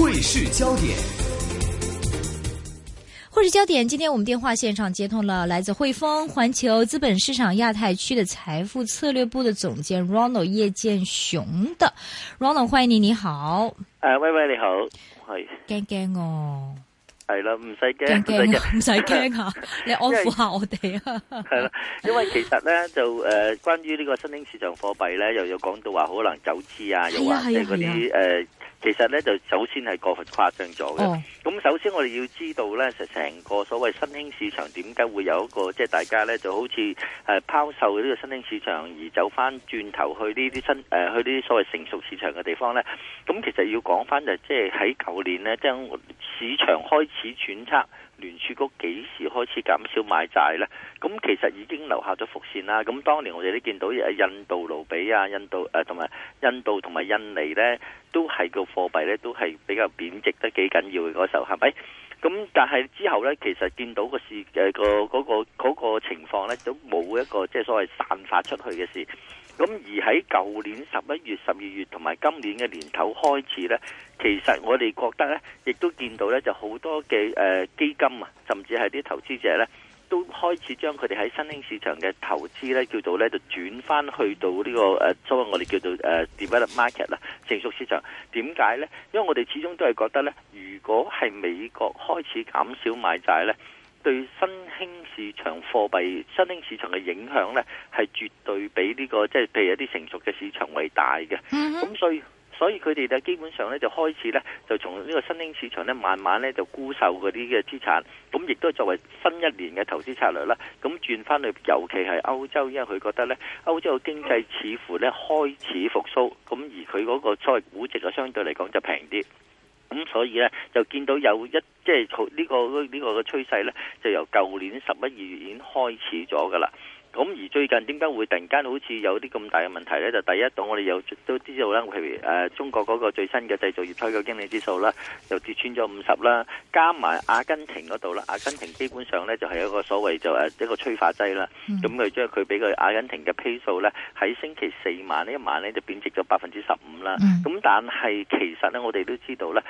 匯市焦點，匯市焦點。今天我們電話現場接通了來自匯豐環球資本市場亞太區的財富策略部的總監 Ronald 葉劍雄的 Ronald 歡迎你，你好。哎，喂喂，你好，嗨，干干我、哦。係啦，唔使驚，唔使驚，唔使驚嚇，你安撫下我哋啊！係啦，因為其實咧就誒、呃，關於呢個新興市場貨幣咧，又有講到話可能走資啊，的又話即係嗰啲其實咧就首先係過分誇張咗嘅。咁、哦、首先我哋要知道咧，就成個所謂新興市場點解會有一個即係、就是、大家咧就好似誒、呃、拋售呢個新興市場，而走翻轉頭去呢啲新、呃、去呢啲所謂成熟市場嘅地方咧。咁其實要講翻就即係喺舊年咧係、就是、市場開始。此揣測聯儲局幾時開始減少買債呢？咁其實已經留下咗伏線啦。咁當年我哋都見到嘅印度盧比啊、印度誒同埋印度同埋印尼呢，都係個貨幣呢，都係比較貶值得幾緊要嘅嗰時候，係咪？咁但係之後呢，其實見到個事、嗰個事誒、嗰個嗰、嗰個情況呢，都冇一個即係、就係、所謂散發出去嘅事。咁而喺舊年十一月、十二月同埋今年嘅年頭開始呢，其實我哋覺得呢，亦都見到呢就好多嘅誒、呃、基金啊，甚至係啲投資者呢，都開始將佢哋喺新興市場嘅投資呢，叫做呢就轉翻去到呢、這個誒，所謂我哋叫做誒 developed market 啦，成熟市場。點解呢？因為我哋始終都係覺得呢，如果係美國開始減少買債呢。對新興市場貨幣、新興市場嘅影響呢，係絕對比呢個即係譬如一啲成熟嘅市場為大嘅。咁所以，所以佢哋就基本上呢，就開始呢，就從呢個新興市場呢，慢慢呢，就沽售嗰啲嘅資產。咁亦都作為新一年嘅投資策略啦。咁轉翻去，尤其係歐洲，因為佢覺得呢，歐洲嘅經濟似乎呢，開始復蘇。咁而佢嗰個所謂估值就相對嚟講就平啲。咁所以呢，就見到有一。即係呢個呢個嘅趨勢咧，就由舊年十一二月已經開始咗噶啦。咁而最近點解會突然間好似有啲咁大嘅問題咧？就第一度我哋又都知道啦，譬如中國嗰個最新嘅製造業採購嘅經理指數啦，又跌穿咗五十啦，加埋阿根廷嗰度啦，阿根廷基本上咧就係一個所謂就一個催化劑啦，咁佢將佢俾佢阿根廷嘅幣數咧，喺星期四晚呢一晚咧就貶值咗百分之十五啦。咁、嗯、但係其實咧我哋都知道咧，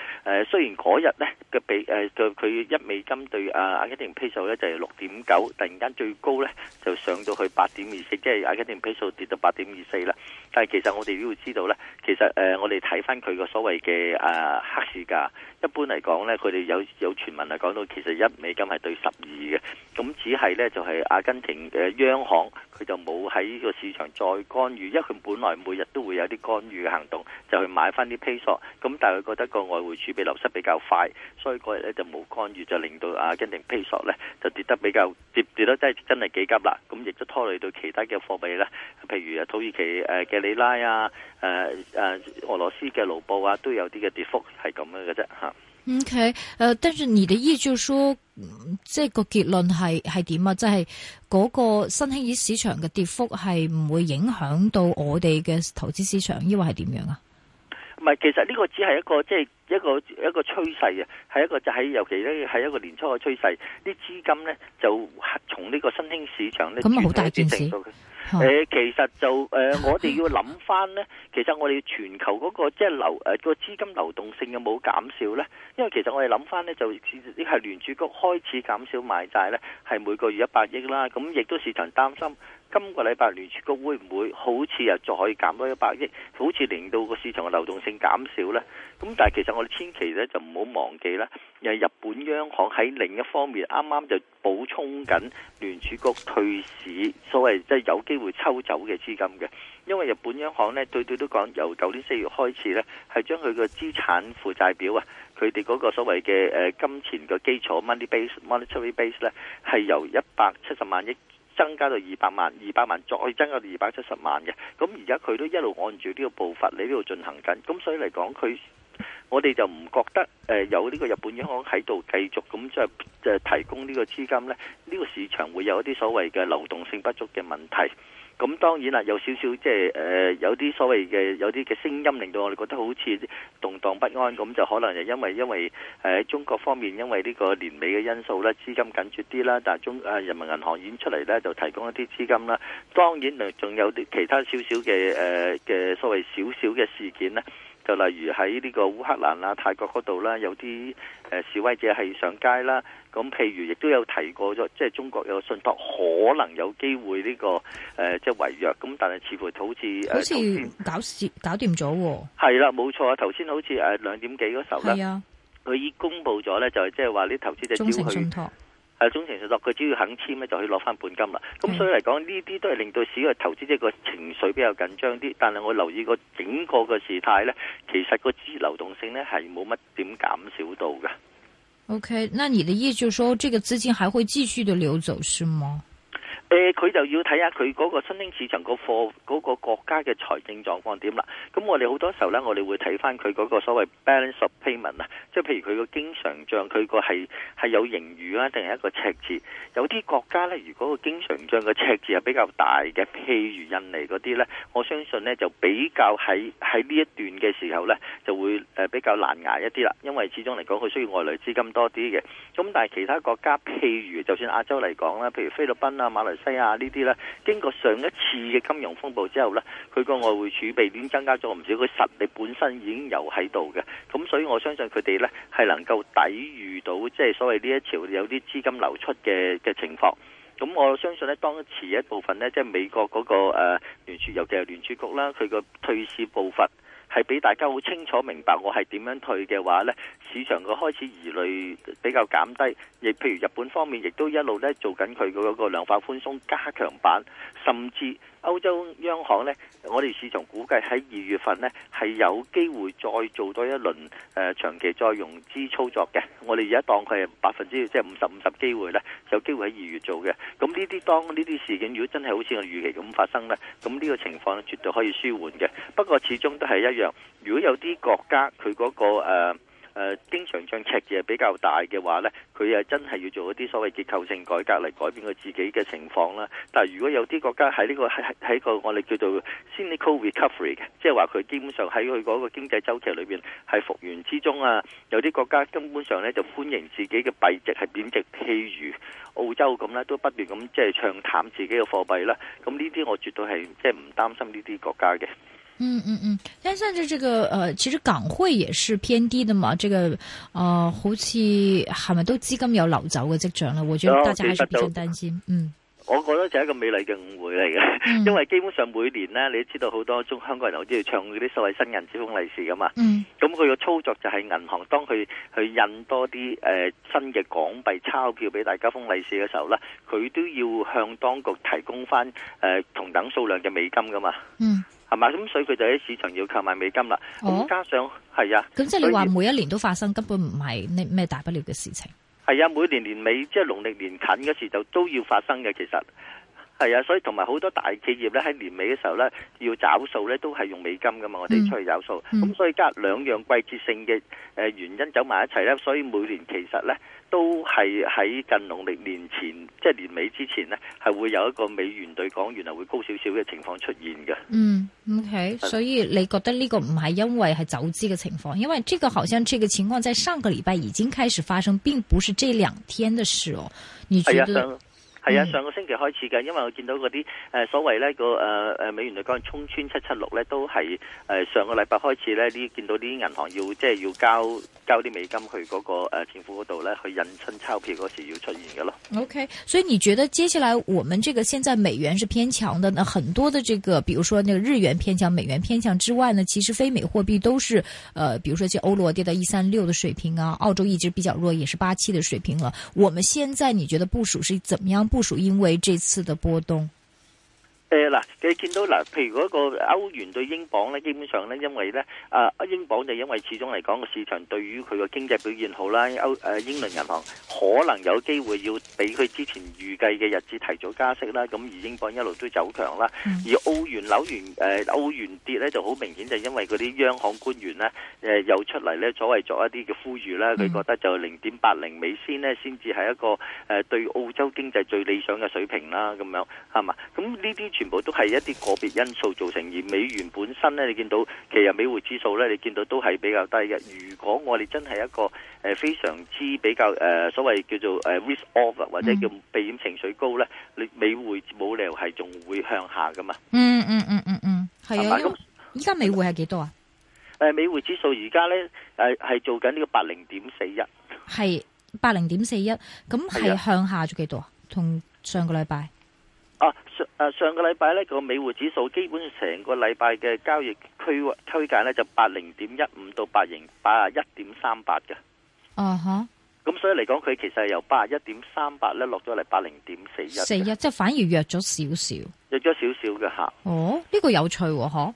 雖然嗰日咧佢佢一美金對啊阿根廷幣數咧就係六點九，突然間最高咧就上到。佢八點二四，即係阿根廷披索跌到八點二四啦。但係其實我哋都要知道咧，其實誒、呃、我哋睇翻佢個所謂嘅誒、啊、黑市價，一般嚟講咧，佢哋有有傳聞係講到其實一美金係對十二嘅，咁只係咧就係、是、阿根廷嘅央行。佢就冇喺呢個市場再干預，因為佢本來每日都會有啲干預嘅行動，就去買翻啲披索。咁但係佢覺得個外匯儲備流失比較快，所以嗰日咧就冇干預，就令到阿根廷披索咧就跌得比較跌跌得真係真係幾急啦。咁亦都拖累到其他嘅貨幣咧，譬如土耳其嘅里拉啊，誒誒俄羅斯嘅盧布啊，都有啲嘅跌幅係咁樣嘅啫嚇。O.K.，誒，但是你哋依照書，即係個結論係係點啊？即係、就是、個新興市市場嘅跌幅係唔會影響到我哋嘅投資市場，抑或係點樣啊？唔係，其實呢個只係一個即係。就是一個一個趨勢啊，係一個就喺尤其咧，喺一個年初嘅趨勢，啲資金咧就從呢個新興市場咧好大嘅轉變。誒，啊、其實就誒、呃，我哋要諗翻咧，其實我哋全球嗰、那個即係、就是、流誒個資金流動性有冇減少咧？因為其實我哋諗翻咧，就呢係聯儲局開始減少買債咧，係每個月一百億啦。咁亦都市場擔心今個禮拜聯儲局會唔會好似又再可以減多一百億，好似令到個市場嘅流動性減少咧？咁但係其實我哋千祈咧就唔好忘記啦，又日本央行喺另一方面啱啱就補充緊聯儲局退市所謂即係有機會抽走嘅資金嘅，因為日本央行咧對，對對都講由舊年四月開始咧係將佢個資產負債表啊，佢哋嗰個所謂嘅誒金錢嘅基礎 money base monetary base 咧係由一百七十萬億增加到二百萬二百萬再增加到二百七十萬嘅，咁而家佢都一路按住呢個步伐喺呢度進行緊，咁所以嚟講佢。我哋就唔覺得誒有呢個日本央行喺度繼續咁即係提供呢個資金呢，呢個市場會有一啲所謂嘅流動性不足嘅問題。咁當然啦，有少少即係有啲所謂嘅有啲嘅聲音，令到我哋覺得好似動蕩不安。咁就可能係因為因為誒中國方面，因為呢個年尾嘅因素咧，資金緊缺啲啦。但係中誒人民銀行已經出嚟呢，就提供一啲資金啦。當然，仲有啲其他少少嘅誒嘅所謂少少嘅事件呢就例如喺呢個烏克蘭啊、泰國嗰度啦，有啲誒示威者係上街啦。咁譬如亦都有提過咗，即係中國有信託可能有機會呢個誒即係違約。咁但係似乎好似好似搞搞掂咗喎。係啦，冇錯啊。頭先好似誒兩點幾嗰時候，係啊，佢已公佈咗咧，就係即係話啲投資者招去。係、啊、情緒落，佢只要肯簽咧，就可以攞翻本金啦。咁所以嚟講，呢啲都係令到市嘅投資者個情緒比較緊張啲。但係我留意個整個個事態咧，其實個資流動性咧係冇乜點減少到嘅。OK，那你的意思就是說，這個資金還會繼續的流走，是嗎？誒佢、呃、就要睇下佢嗰個新興市場個貨嗰個國家嘅財政狀況點啦。咁我哋好多時候呢，我哋會睇翻佢嗰個所謂 balance of payment 啊，即係譬如佢個經常帳佢個係係有盈餘啊，定係一個赤字？有啲國家呢，如果個經常帳個赤字係比較大嘅，譬如印尼嗰啲呢，我相信呢就比較喺喺呢一段嘅時候呢，就會誒比較難捱一啲啦，因為始終嚟講佢需要外來資金多啲嘅。咁但係其他國家，譬如就算亞洲嚟講啦，譬如菲律賓啊、馬來西亞呢啲呢，經過上一次嘅金融風暴之後呢，佢個外匯儲備已經增加咗唔少，佢實力本身已經有喺度嘅，咁所以我相信佢哋呢係能夠抵禦到即係、就是、所謂呢一潮有啲資金流出嘅嘅情況。咁我相信咧，當時一部分呢，即、就、係、是、美國嗰、那個誒、呃、聯儲，尤其係聯儲局啦，佢個退市步伐。係俾大家好清楚明白，我係點樣退嘅話呢，市場嘅開始疑慮比較減低，亦譬如日本方面亦都一路呢做緊佢嗰個量化寬鬆加強版，甚至。歐洲央行呢，我哋市場估計喺二月份呢，係有機會再做多一輪誒、呃、長期再融資操作嘅。我哋而家當佢係百分之即係五十五十機會呢，有機會喺二月做嘅。咁呢啲當呢啲事件如果真係好似我預期咁發生呢，咁呢個情況咧絕對可以舒緩嘅。不過始終都係一樣，如果有啲國家佢嗰個、呃誒、啊、經常賬赤字比較大嘅話呢，佢又真係要做一啲所謂結構性改革嚟改變佢自己嘅情況啦。但係如果有啲國家喺呢、呢個喺喺個我哋叫做 cyclical recovery 嘅，即係話佢基本上喺佢嗰個經濟週期裏邊係復原之中啊。有啲國家根本上呢，就歡迎自己嘅幣值係貶值，譬如澳洲咁呢，都不斷咁即係唱淡自己嘅貨幣啦。咁呢啲我絕對係即係唔擔心呢啲國家嘅。嗯嗯嗯，但係甚至這個，誒、呃，其實港匯也是偏低的嘛。這個，誒、呃，好似係咪都資金有流走嘅跡象啦？嗯、我覺得大家係唔需要擔心。嗯，我覺得就係一個美麗嘅誤會嚟嘅， 因為基本上每年呢，你知道好多中香港人好中意唱嗰啲所謂新人支封利是噶嘛。嗯，咁佢個操作就係銀行當佢去印多啲誒、呃、新嘅港幣鈔票俾大家封利是嘅時候呢，佢都要向當局提供翻誒、呃、同等數量嘅美金噶嘛。嗯。係嘛？咁所以佢就喺市場要購買美金啦。哦，加上係啊。咁即係你話每一年都發生，根本唔係咩咩大不了嘅事情。係啊，每年年尾即係農曆年近嗰時就都要發生嘅。其實係啊，所以同埋好多大企業咧喺年尾嘅時候咧要找數咧都係用美金噶嘛。我哋出去找數。咁、嗯嗯、所以加兩樣季節性嘅誒原因走埋一齊咧，所以每年其實咧。都係喺近農曆年前，即係年尾之前咧，係會有一個美元對港元啊會高少少嘅情況出現嘅。嗯，OK，所以你覺得呢個唔係因為係走資嘅情況，因為這個好像這個情況在上個禮拜已經開始發生，並不是這兩天的事哦。你覺得你？係啊，嗯呃，呃呃，上個星期開始嘅，因為我見到嗰啲誒所謂呢個誒誒美元兌港元衝穿七七六呢，都係誒上個禮拜開始呢。呢見到啲銀行要即係要交交啲美金去嗰，那個誒政府嗰度呢，去印鈔票嗰時要出現嘅咯。OK，所以你覺得接下來我們這個現在美元是偏強的，那很多的這個，比如說那個日元偏強，美元偏強之外呢，其實非美貨幣都是，誒，呃，比如說像歐羅跌到一三六的水平啊，澳洲一直比較弱，也是八七的水平了，啊。我們現在你覺得部署是怎麼樣部署？部署，因為這次的波動。誒，嗱、呃，你見到嗱，譬如嗰個歐元對英鎊咧，基本上咧，因為咧，啊，英鎊就因為始終嚟講個市場對於佢個經濟表現好啦，歐誒、啊、英倫銀行可能有機會要比佢之前預計嘅日子提早加息啦，咁而英鎊一路都走強啦，而澳元、紐元誒澳、呃、元跌咧就好明顯，就因為嗰啲央行官員咧誒、呃、又出嚟咧，所謂作一啲嘅呼籲啦，佢覺得就零點八零美先呢，先至係一個誒對澳洲經濟最理想嘅水平啦，咁樣係嘛，咁呢啲。全部都係一啲個別因素造成，而美元本身咧，你見到其實美匯指數咧，你見到都係比較低嘅。如果我哋真係一個誒、呃、非常之比較誒、呃、所謂叫做誒 risk off 或者叫避險情緒高咧，你、嗯、美匯冇理由係仲會向下噶嘛？嗯嗯嗯嗯嗯，係、嗯嗯嗯、啊。咁依家美匯係幾多啊？誒、呃、美匯指數而家咧誒係做緊呢個八零點四一，係八零點四一，咁係向下咗幾多啊？同、啊、上個禮拜。啊上、誒、上個禮拜咧個美匯指數基本成個禮拜嘅交易區位區間咧就八零點一五到八零八十一點三八嘅，啊咁、uh huh。嗯、所以嚟講佢其實係，由八十一點三八咧落咗嚟八零點四一，四一即係反而弱咗少少，弱咗少少嘅，吓。哦，呢個有趣喎，哦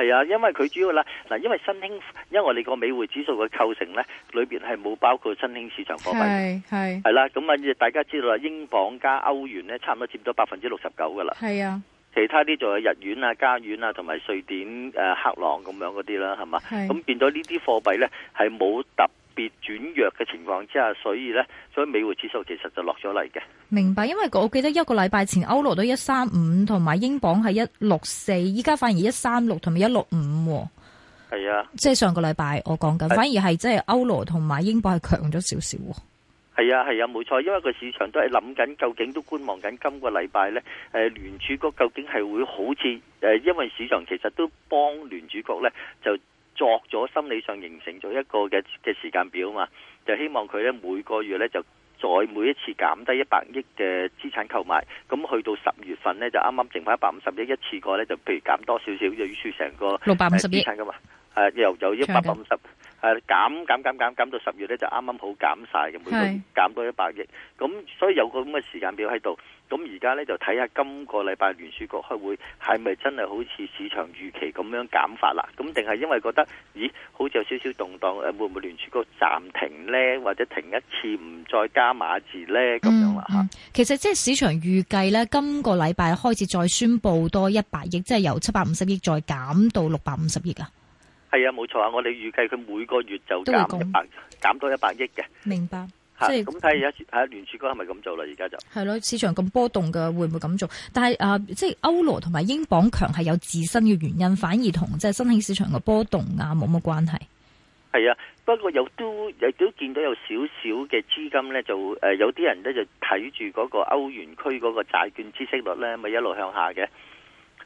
係啊，因為佢主要啦，嗱，因為新興，因為我哋個美匯指數嘅構成咧，裏邊係冇包括新興市場貨幣，係係係啦，咁啊，大家知道啦，英鎊加歐元咧，差唔多佔咗百分之六十九噶啦，係啊，其他啲仲有日元啊、加元啊，同埋瑞典誒克朗咁樣嗰啲啦，係嘛，咁是變咗呢啲貨幣咧係冇特。轉弱嘅情況之下，所以呢，所以美匯指數其實就落咗嚟嘅。明白，因為我記得一個禮拜前歐羅都一三五，同埋英鎊係一六四，依家反而一三六同埋一六五。係啊，即係上個禮拜我講緊，是反而係即係歐羅同埋英鎊係強咗少少。係啊係啊，冇錯，因為個市場都係諗緊，究竟都觀望緊今個禮拜呢，誒，聯儲局究竟係會好似誒，因為市場其實都幫聯儲局呢。就。作咗心理上形成咗一個嘅嘅時間表啊嘛，就希望佢咧每個月咧就再每一次減低一百億嘅資產購買，咁去到十月份咧就啱啱剩翻一百五十億，一次過咧就譬如減多少少就餘出成個六百五十億資產噶嘛，誒又有一百五十，誒減減減減減到十月咧就啱啱好減晒嘅，每個月減多一百億，咁所以有個咁嘅時間表喺度。咁而家咧就睇下今個禮拜聯儲局開會係咪真係好似市場預期咁樣減法啦？咁定係因為覺得咦，好似有少少動盪，誒會唔會聯儲局暫停呢？或者停一次唔再加碼字呢？咁樣啦？嚇、嗯，其實即係市場預計呢，今個禮拜開始再宣布多一百億，即係由七百五十億再減到六百五十億啊！係啊，冇錯啊，我哋預計佢每個月就減一百減多一百億嘅。明白。即係咁睇下，睇下聯儲局係咪咁做啦？而家就係咯，市場咁波動嘅，會唔會咁做？但係啊，即係歐羅同埋英鎊強係有自身嘅原因，反而同即係新興市場嘅波動啊冇乜關係。係啊，不過有都有都見到有少少嘅資金咧，就誒有啲人咧就睇住嗰個歐元區嗰個債券孳息率咧，咪一路向下嘅。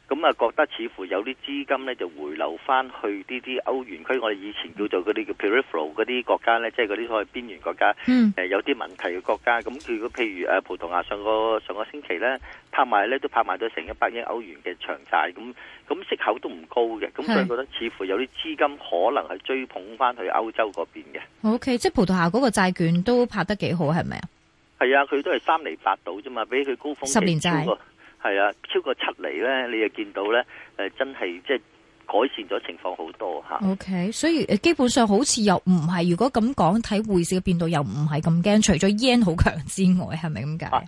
咁啊，覺得似乎有啲資金咧就回流翻去呢啲歐元區，我哋以前叫做嗰啲叫 peripheral 嗰啲國家咧，即係嗰啲所謂邊緣國家，誒、嗯呃、有啲問題嘅國家。咁佢如果譬如誒葡萄牙上個上個星期咧拍賣咧都拍賣咗成一百億歐元嘅長債，咁咁息口都唔高嘅，咁所以覺得似乎有啲資金可能係追捧翻去歐洲嗰邊嘅。OK，即係葡萄牙嗰個債券都拍得幾好係咪啊？係啊，佢都係三厘八到啫嘛，比佢高風險十年債、就係。係啊，超過七厘咧，你又見到咧，誒、呃、真係即改善咗情況好多嚇。OK，所以基本上好似又唔係，如果咁講睇匯市嘅變動又唔係咁驚，除咗 yen 好強之外，係咪咁解？啊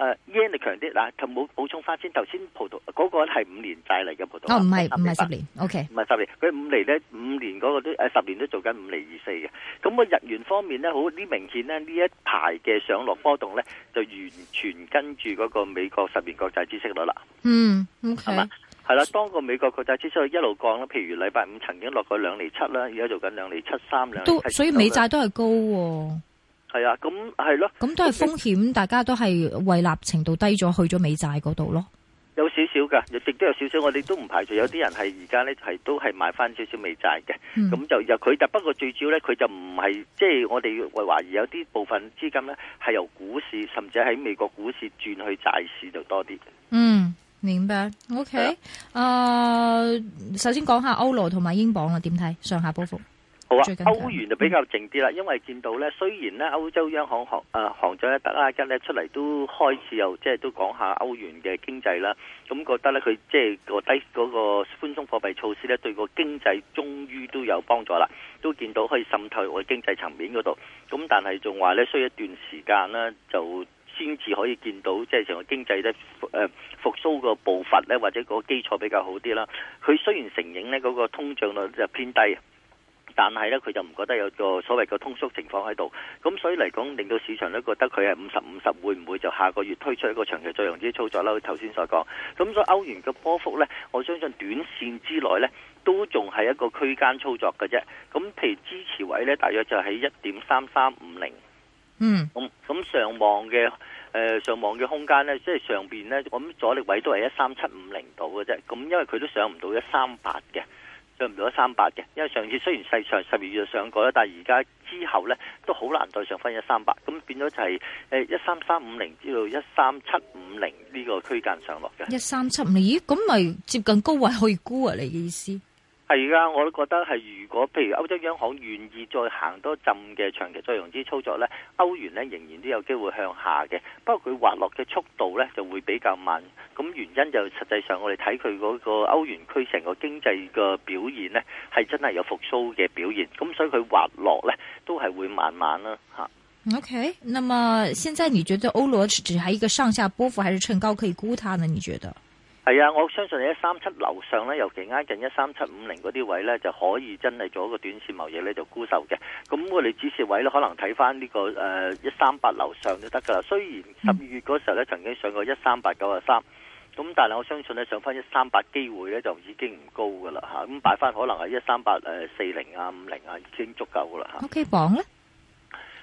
誒、uh, yen 就強啲嗱，佢冇補充翻先。頭先葡萄嗰個係五年債嚟嘅葡萄。哦，唔係唔係十年，OK。唔係十年，佢五釐咧，五年嗰個都誒十年都做緊五厘二四嘅。咁個日元方面咧，好呢明顯咧，呢一排嘅上落波動咧，就完全跟住嗰個美國十年國債孳息率啦。嗯，OK。係嘛？係啦，當個美國國債孳息率一路降啦，譬如禮拜五曾經落過兩厘七啦，而家做緊兩厘七三兩。都所以美債都係高。係啊，咁係咯，咁、啊、都係風險，okay, 大家都係獲利程度低咗，去咗美債嗰度咯，有少少噶，亦都有少少，我哋都唔排除有啲人係而家呢，係都係買翻少少美債嘅，咁、嗯、就由佢就，不過最主要呢，佢就唔係即係我哋會懷疑有啲部分資金呢，係由股市甚至喺美國股市轉去債市就多啲。嗯，明白。OK，誒、啊呃，首先講下歐羅同埋英鎊啊，點睇上下波幅？好啊，歐元就比較靜啲啦，因為見到咧，雖然咧歐洲央行行啊行長德拉吉咧出嚟都開始又即係都講下歐元嘅經濟啦，咁、嗯、覺得咧佢即係個低嗰個寬鬆貨幣措施咧對個經濟終於都有幫助啦，都見到可以滲透我經濟層面嗰度，咁但係仲話咧需要一段時間啦，就先至可以見到即係成個經濟咧誒復甦個步伐咧或者個基礎比較好啲啦。佢雖然承認咧嗰，那個通脹率就偏低。但係咧，佢就唔覺得有個所謂嘅通縮情況喺度，咁所以嚟講，令到市場咧覺得佢係五十五十，會唔會就下個月推出一個長期再融資操作咧？頭先所講，咁所以歐元嘅波幅呢，我相信短線之內呢，都仲係一個區間操作嘅啫。咁譬如支持位呢，大約就喺一點三三五零。嗯。咁咁上望嘅誒上望嘅空間呢，即係上邊咧，咁阻力位都係一三七五零度嘅啫。咁因為佢都上唔到一三八嘅。上唔到一三八嘅，因為上次雖然事實上十二月上過啦，但係而家之後咧都好難再上翻一三八，咁變咗就係誒一三三五零至到一三七五零呢個區間上落嘅。一三七五零，咦？咁咪接近高位去沽啊？你嘅意思？係啊，我都覺得係。如果譬如歐洲央行願意再行多浸嘅長期再融資操作呢，歐元呢仍然都有機會向下嘅，不過佢滑落嘅速度呢就會比較慢。咁原因就實際上我哋睇佢嗰個歐元區成個經濟嘅表現呢係真係有復甦嘅表現。咁所以佢滑落呢都係會慢慢啦。嚇、啊。Okay，那麼現在你覺得歐羅是只係一個上下波幅，還是趁高可以估它呢？你覺得？係啊，我相信喺一三七樓上咧，尤其挨近一三七五零嗰啲位咧，就可以真係做一個短線貿易咧，就沽售嘅。咁我哋指示位咧，可能睇翻呢個誒一三八樓上都得噶啦。雖然十二月嗰時候咧，曾經上過一三八九啊三，咁但係我相信咧，上翻一三八機會咧就已經唔高噶啦吓。咁擺翻可能係一三八誒四零啊五零啊，已經足夠噶啦吓。O K，鎊咧。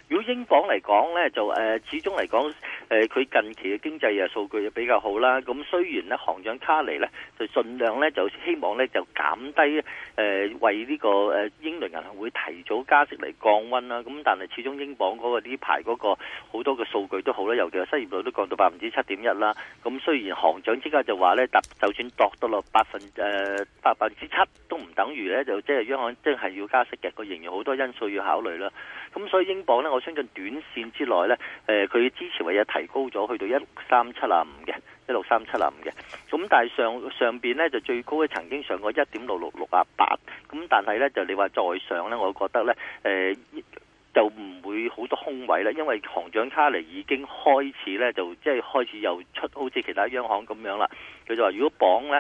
如果英鎊嚟講咧，就誒、呃、始終嚟講，誒、呃、佢近期嘅經濟嘅數據就比較好啦。咁雖然咧，行長卡尼咧就盡量咧就希望咧就減低誒、呃、為呢、這個、呃、英倫銀行會提早加息嚟降溫啦。咁但係始終英鎊嗰、那個呢排嗰個好多嘅數據都好啦，尤其係失業率都降到百分之七點一啦。咁雖然行長之間就話咧，就算度到落百分、呃、百分之七都唔等於咧就即係央行真係要加息嘅，佢仍然好多因素要考慮啦。咁所以英鎊呢，我相信短線之內呢，誒、呃，佢之前唯有提高咗去到一六三七啊五嘅，一六三七啊五嘅。咁但係上上邊呢，就最高咧曾經上過一點六六六啊八。咁但係呢，就你話再上呢，我覺得呢，誒、呃。就唔會好多空位啦，因為行長卡尼已經開始呢，就即係、就是、開始又出，好似其他央行咁樣啦。佢就話：如果綁呢，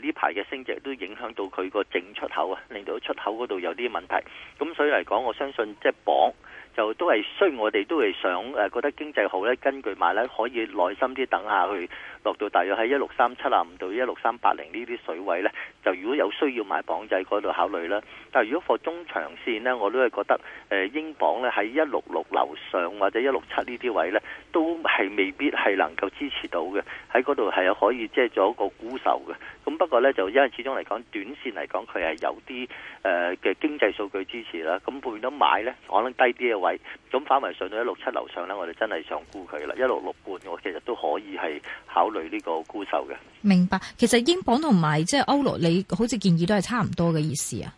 呢排嘅升值都影響到佢個淨出口啊，令到出口嗰度有啲問題。咁所以嚟講，我相信即係、就是、綁。就都係，雖然我哋都係想誒、啊、覺得經濟好咧，根據買咧，可以耐心啲等下去落到大約喺一六三七啊五到一六三八零呢啲水位咧，就如果有需要買鎊仔嗰度考慮啦。但如果放中長線咧，我都係覺得誒、呃、英鎊咧喺一六六樓上或者一六七呢啲位咧，都係未必係能夠支持到嘅，喺嗰度係可以即係做一個沽售嘅。咁不過咧，就因為始終嚟講，短線嚟講佢係有啲誒嘅經濟數據支持啦。咁變咗買咧，可能低啲嘅話咁反為上到一六七樓上咧，我哋真係想沽佢啦，一六六半我其實都可以係考慮呢個沽售嘅。明白，其實英鎊同埋即係歐羅，你好似建議都係差唔多嘅意思啊。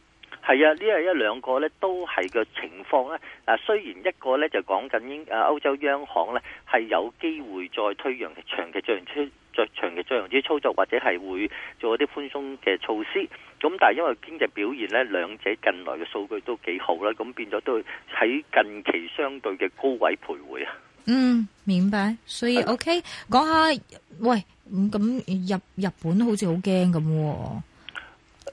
係啊，呢係一兩個咧，都係個情況咧。啊，雖然一個咧就講緊英誒歐洲央行咧係有機會再推揚長期再揚出長期再揚啲操作，或者係會做一啲寬鬆嘅措施。咁但係因為經濟表現咧，兩者近來嘅數據都幾好啦，咁變咗都會喺近期相對嘅高位徘徊啊。嗯，明白。所以的 OK，講下喂，咁日日本好似好驚咁。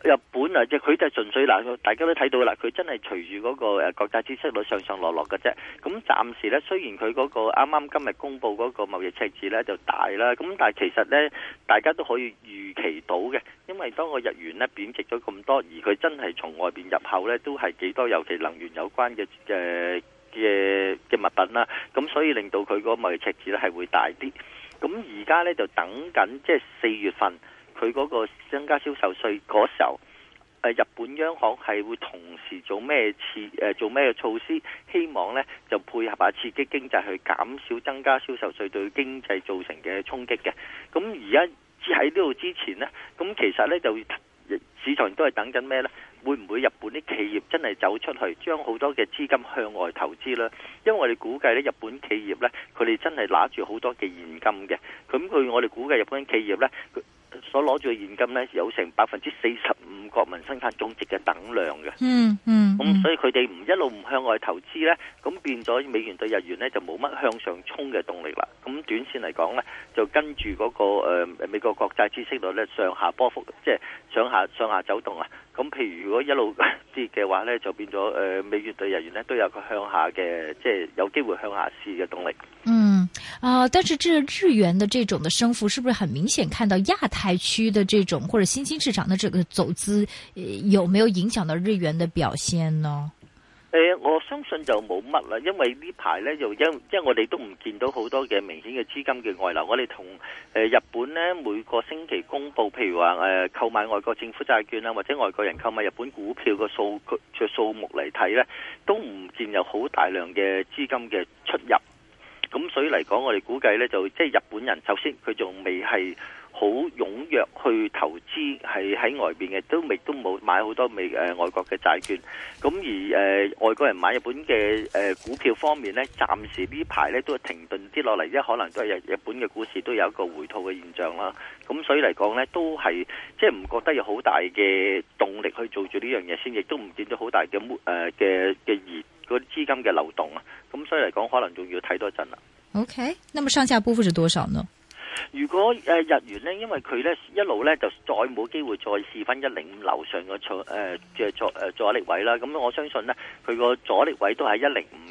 日本啊，即佢就純粹嗱，大家都睇到啦，佢真係隨住嗰個誒國際資息率上上落落嘅啫。咁暫時呢，雖然佢嗰個啱啱今日公布嗰個貿易赤字呢就大啦，咁但係其實呢，大家都可以預期到嘅，因為當個日元呢貶值咗咁多，而佢真係從外邊入口呢都係幾多，尤其能源有關嘅嘅嘅嘅物品啦，咁所以令到佢嗰個貿易赤字呢係會大啲。咁而家呢，就等緊即係四月份。佢嗰個增加銷售稅嗰時候，誒，日本央行係會同時做咩刺，誒做咩措施？希望咧就配合下刺激經濟，去減少增加銷售稅對經濟造成嘅衝擊嘅。咁而家喺呢度之前咧，咁其實咧就市場都係等緊咩咧？會唔會日本啲企業真係走出去，將好多嘅資金向外投資啦？因為我哋估計咧，日本企業咧，佢哋真係拿住好多嘅現金嘅。咁佢我哋估計日本企業咧，所攞住嘅現金咧，有成百分之四十五國民生產總值嘅等量嘅，嗯。嗯嗯，咁、嗯、所以佢哋唔一路唔向外投資咧，咁變咗美元對日元咧就冇乜向上衝嘅動力啦。咁短線嚟講咧，就跟住嗰、那個誒、呃、美國國債孳息率咧上下波幅，即、就、係、是、上下上下走動啊。咁譬如如果一路跌嘅話咧，就變咗誒、呃、美元對日元咧都有個向下嘅，即、就、係、是、有機會向下試嘅動力。嗯。啊！但是這日元的這種的升幅，是不是很明顯看到亞太區的這種或者新興市場的這個走資，有沒有影響到日元的表現呢？呃、我相信就冇乜啦，因為呢排呢，又因，因為我哋都唔見到好多嘅明顯嘅資金嘅外流。我哋同日本呢，每個星期公布，譬如話誒、呃、購買外國政府債券啊，或者外國人購買日本股票嘅數據嘅數目嚟睇呢，都唔見有好大量嘅資金嘅出入。咁所以嚟講，我哋估計呢，就即係日本人，首先佢仲未係好踴躍去投資，係喺外邊嘅都未都冇買好多未誒，外國嘅債券。咁而誒外國人買日本嘅誒股票方面呢，暫時呢排呢都係停頓啲落嚟，啫可能都係日日本嘅股市都有一個回吐嘅現象啦。咁所以嚟講呢，都係即係唔覺得有好大嘅動力去做住呢樣嘢先，亦都唔見到好大嘅誒嘅嘅熱。嗰啲資金嘅流動啊，咁所以嚟講，可能仲要睇多一陣啦。OK，那麼上下波幅是多少呢？如果誒、呃、日元呢，因為佢呢一路呢就再冇機會再試翻一零五樓上個阻誒嘅阻誒阻力位啦，咁我相信呢，佢個阻力位都係一零五，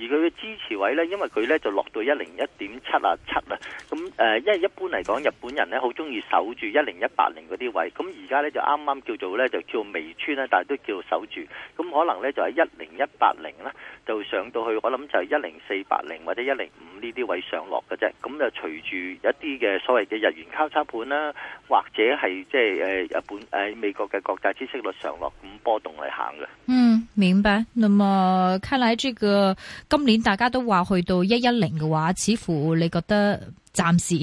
而佢嘅支持位呢，因為佢呢就落到一零一點七啊七啊，咁誒、呃，因為一般嚟講，日本人呢好中意守住一零一八零嗰啲位，咁而家呢就啱啱叫做呢，就叫微穿咧，但係都叫守住，咁可能呢就喺一零一八零啦，就上到去我諗就係一零四八零或者一零五呢啲位上落嘅啫，咁就隨住一啲嘅所謂嘅日元交叉盤啦、啊，或者係即係誒日本誒、呃、美國嘅國債知識率上落咁波動去行嘅。嗯，明白。那麼，睇來這個。今年大家都話去到一一零嘅話，似乎你覺得暫時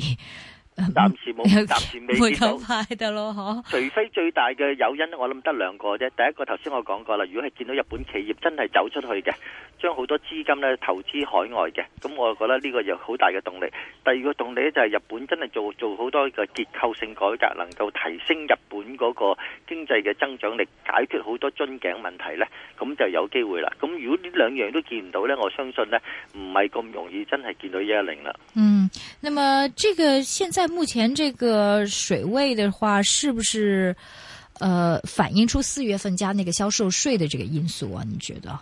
暫、嗯、時冇，暫時未夠快㗎咯，嗬？除非最大嘅誘因，我諗得兩個啫。第一個頭先我講過啦，如果係見到日本企業真係走出去嘅。將好多資金咧投資海外嘅，咁我覺得呢個有好大嘅動力。第二個動力就係日本真係做做好多嘅結構性改革，能夠提升日本嗰個經濟嘅增長力，解決好多樽頸問題呢，咁就有機會啦。咁如果呢兩樣都見唔到呢，我相信呢唔係咁容易真係見到一一零啦。嗯，那麼這個現在目前這個水位的話，是不是呃反映出四月份加那個銷售稅的這個因素啊？你覺得？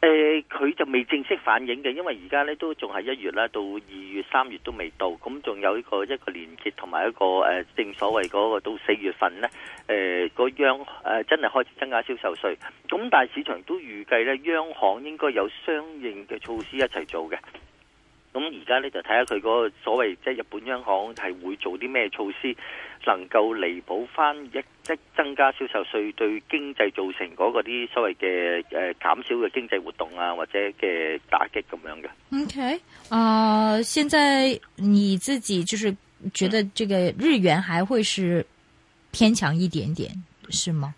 誒，佢，呃、就未正式反映嘅，因為而家咧都仲係一月啦，到二月、三月都未到，咁，嗯、仲有一個一個年結，同埋一個誒、呃，正所謂嗰個到四月份咧，誒、呃，個央誒、呃、真係開始增加銷售稅，咁但係市場都預計咧，央行應該有相應嘅措施一齊做嘅。咁而家咧就睇下佢嗰個所謂即係日本央行係會做啲咩措施，能夠彌補翻一即增加銷售稅對經濟造成嗰個啲所謂嘅誒減少嘅經濟活動啊，或者嘅打擊咁樣嘅。OK，啊、呃，現在你自己就是覺得這個日元還會是偏強一點點，是嗎？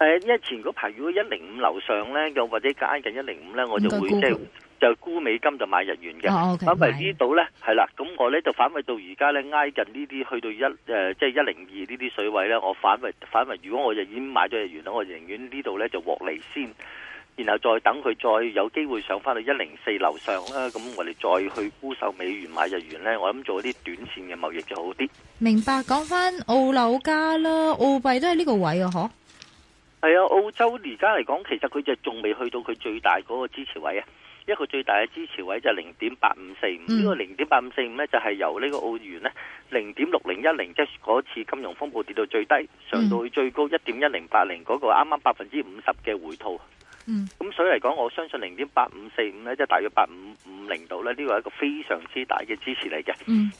誒，因為前排如果一零五樓上咧，又或者接近一零五咧，我就會即係。就沽美金就買日元嘅。咁但係呢度咧係啦，咁我呢，就反為到而家呢，挨近呢啲去到一誒，即係一零二呢啲水位呢。我反為反為，如果我就已經買咗日元啦，我寧願呢度呢，就獲利先，然後再等佢再有機會上返到一零四樓上啦。咁我哋再去沽售美元買日元呢，我諗做啲短綫嘅貿易就好啲。明白。講翻澳樓價啦，澳幣都係呢個位啊，嗬？係啊，澳洲而家嚟講，其實佢就仲未去到佢最大嗰個支持位啊。一個最大嘅支持位就係零點八五四五，呢個零點八五四五呢，就係由呢個澳元呢，零點六零一零，即係嗰次金融風暴跌到最低，嗯、上到去最高一點一零八零，嗰個啱啱百分之五十嘅回吐。咁、嗯、所以嚟講、這個嗯，我相信零點八五四五呢，即係大約八五五零度呢，呢個係一個非常之大嘅支持嚟嘅。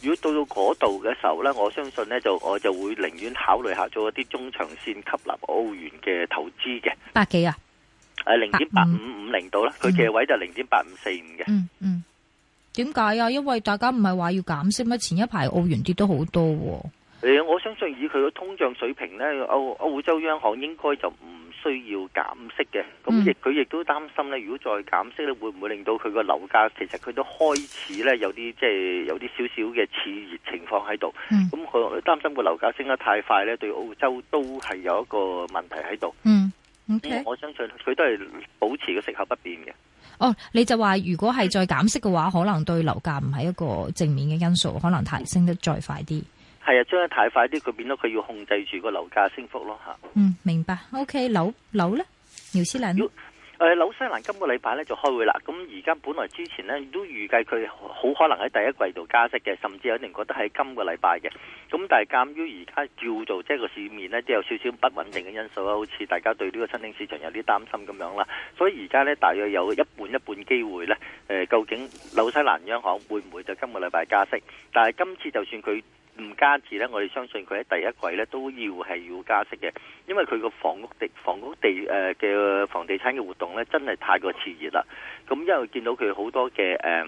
如果到到嗰度嘅時候呢，我相信呢，就我就會寧願考慮一下做一啲中長線吸納澳元嘅投資嘅。百幾啊？誒，零點八五五零度啦，佢嘅、嗯、位就零點八五四五嘅。嗯嗯，點解啊？因為大家唔係話要減息咩？前一排澳元跌都好多，哦。誒、呃，我相信以佢個通脹水平咧，澳澳洲央行應該就唔需要減息嘅。咁亦佢亦都擔心咧，如果再減息咧，會唔會令到佢個樓價？其實佢都開始咧有啲即係有啲少少嘅熾熱情況喺度。咁佢擔心個樓價升得太快咧，對澳洲都係有一個問題喺度。嗯。Okay. 嗯、我相信佢都係保持個息口不變嘅。哦，oh，你就話如果係再減息嘅話，嗯、可能對樓價唔係一個正面嘅因素，可能提升得再快啲。係啊，升得太快啲，佢變咗佢要控制住個樓價升幅咯吓。嗯，明白。OK，樓樓咧，姚思亮。誒、呃、紐西蘭今個禮拜咧就開會啦，咁而家本來之前呢都預計佢好可能喺第一季度加息嘅，甚至有啲人覺得喺今個禮拜嘅。咁但係鑑於而家叫做即係、就是、個市面呢都有少少不穩定嘅因素啦，好似大家對呢個新興市場有啲擔心咁樣啦，所以而家呢，大約有一半一半機會呢，誒、呃、究竟紐西蘭央行會唔會就今個禮拜加息？但係今次就算佢，唔加字呢，我哋相信佢喺第一季呢都要係要加息嘅，因為佢個房屋地房屋地誒、嘅、呃、房地產嘅活動呢真係太過熾熱啦。咁因為見到佢好多嘅誒、呃、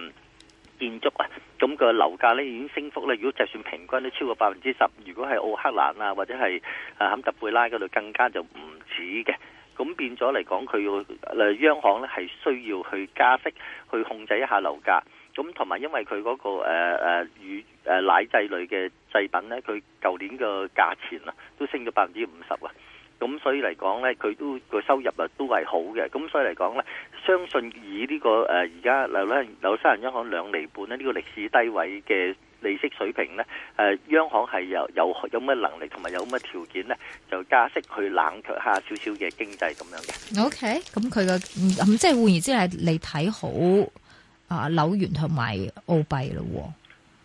建築啊，咁個樓價呢已經升幅呢，如果就算平均都超過百分之十，如果係奧克蘭啊或者係誒坎特貝拉嗰度更加就唔止嘅。咁變咗嚟講，佢要、呃、央行呢係需要去加息去控制一下樓價。咁同埋，因為佢嗰、那個誒誒、呃、乳誒奶製類嘅製品咧，佢舊年嘅價錢啊，都升咗百分之五十啊。咁所以嚟講咧，佢都個收入都啊都係好嘅。咁所以嚟講咧，相信以呢、這個誒而家嗱咧，紐西蘭央行兩厘半咧，呢、這個歷史低位嘅利息水平咧，誒、啊、央行係有有有，有有有咩能力同埋有咩條件咧，就加息去冷卻下少少嘅經濟咁樣嘅。O K，咁佢嘅咁即係換言之係你睇好。好啊，紐元同埋澳幣咯、哦，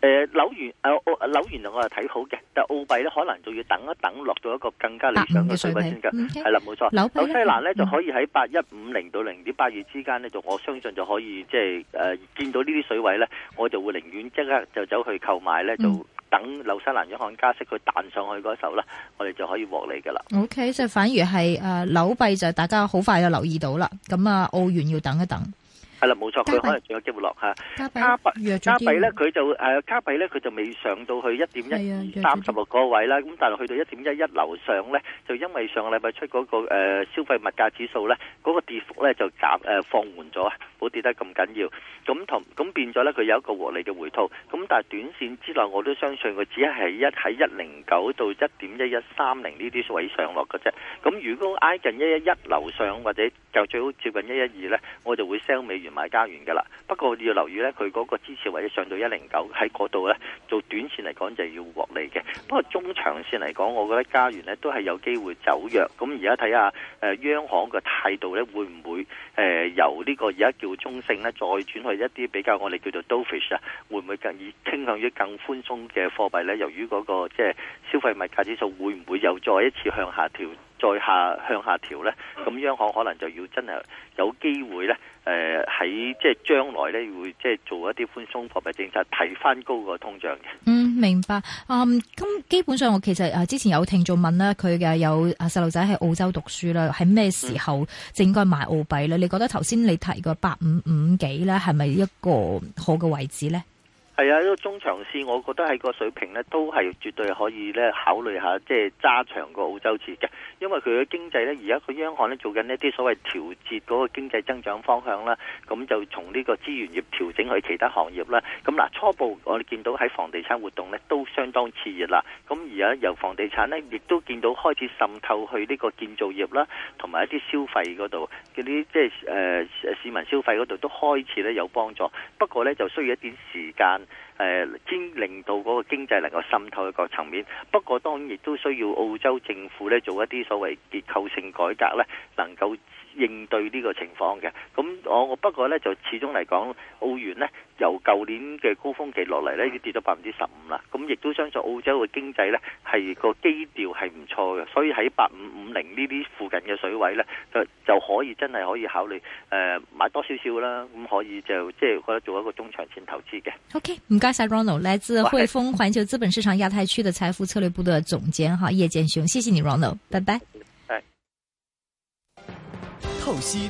誒、呃，紐元誒，紐、呃、元我係睇好嘅，但澳幣咧可能就要等一等，落到一個更加理想嘅水位先嘅，係啦，冇錯。紐西蘭咧就可以喺八一五零到零點八二之間呢，就我相信就可以即係誒見到呢啲水位咧，我就會寧願即刻就走去購買咧，嗯、就等紐西蘭央行加息佢彈上去嗰時候啦，我哋就可以獲利噶啦。O K，就反而係誒紐幣就大家好快就留意到啦，咁啊澳元要等一等。係啦，冇錯，佢倍可能仲有機會落吓。加幣，加幣咧，佢就誒加幣咧，佢就未上到去一點一三十個位啦。咁但係去到一點一一樓上咧，就因為上個禮拜出嗰個消費物價指數咧，嗰、嗰個跌幅咧就減放緩咗，冇跌得咁緊要。咁同咁變咗咧，佢有一個獲利嘅回吐。咁但係短線之內，我都相信佢只係一喺一零九到一點一一三零呢啲位上落嘅啫。咁如果挨近一一一樓上或者就最好接近一一二咧，我就會 sell 美元。買加元嘅啦，不過要留意咧，佢嗰個支持或者上到一零九喺嗰度咧，做短線嚟講就是要獲利嘅。不過中長線嚟講，我覺得加元咧都係有機會走弱。咁而家睇下，誒、呃、央行嘅態度咧會唔會誒、呃、由呢個而家叫中性咧，再轉去一啲比較我哋叫做 dovish 啊、那個就是，會唔會更以傾向於更寬鬆嘅貨幣咧？由於嗰個即係消費物價指數會唔會又再一次向下調？再下向下調咧，咁央行可能就要真係有機會咧。誒喺即係將來咧，會即係做一啲寬鬆貨幣政策，提翻高個通脹嘅。嗯，明白啊。咁、嗯、基本上，我其實啊，之前有聽眾問啦，佢嘅有啊細路仔，喺澳洲讀書啦，喺咩時候正該買澳幣咧？嗯、你覺得頭先你提過八五五幾咧，係咪一個好嘅位置咧？係啊，呢個中長線，我覺得喺個水平呢，都係絕對可以咧考慮下，即係揸長個澳洲次嘅。因為佢嘅經濟呢，而家佢央行呢，做緊一啲所謂調節嗰個經濟增長方向啦，咁就從呢個資源業調整去其他行業啦。咁嗱，初步我哋見到喺房地產活動呢，都相當熾熱啦。咁而家由房地產呢，亦都見到開始滲透去呢個建造業啦，同埋一啲消費嗰度嘅啲即係誒市民消費嗰度都開始呢，有幫助。不過呢，就需要一啲時間。誒，先、呃、令到嗰個經濟能夠滲透一個層面，不過當然亦都需要澳洲政府咧做一啲所謂結構性改革咧，能夠。應對呢個情況嘅，咁我我不過呢，就始終嚟講，澳元呢由舊年嘅高峰期落嚟呢已經跌咗百分之十五啦。咁亦都相信澳洲嘅經濟呢係個基調係唔錯嘅，所以喺八五五零呢啲附近嘅水位呢，就就可以真係可以考慮誒、呃、買多少少啦。咁可以就即係覺得做一個中長線投資嘅。OK，唔該晒 Ronald，來自匯豐哇環球資本市場亞太區嘅財富策略部的總監哈葉劍雄，謝謝你 Ronald，拜拜、哎。透析。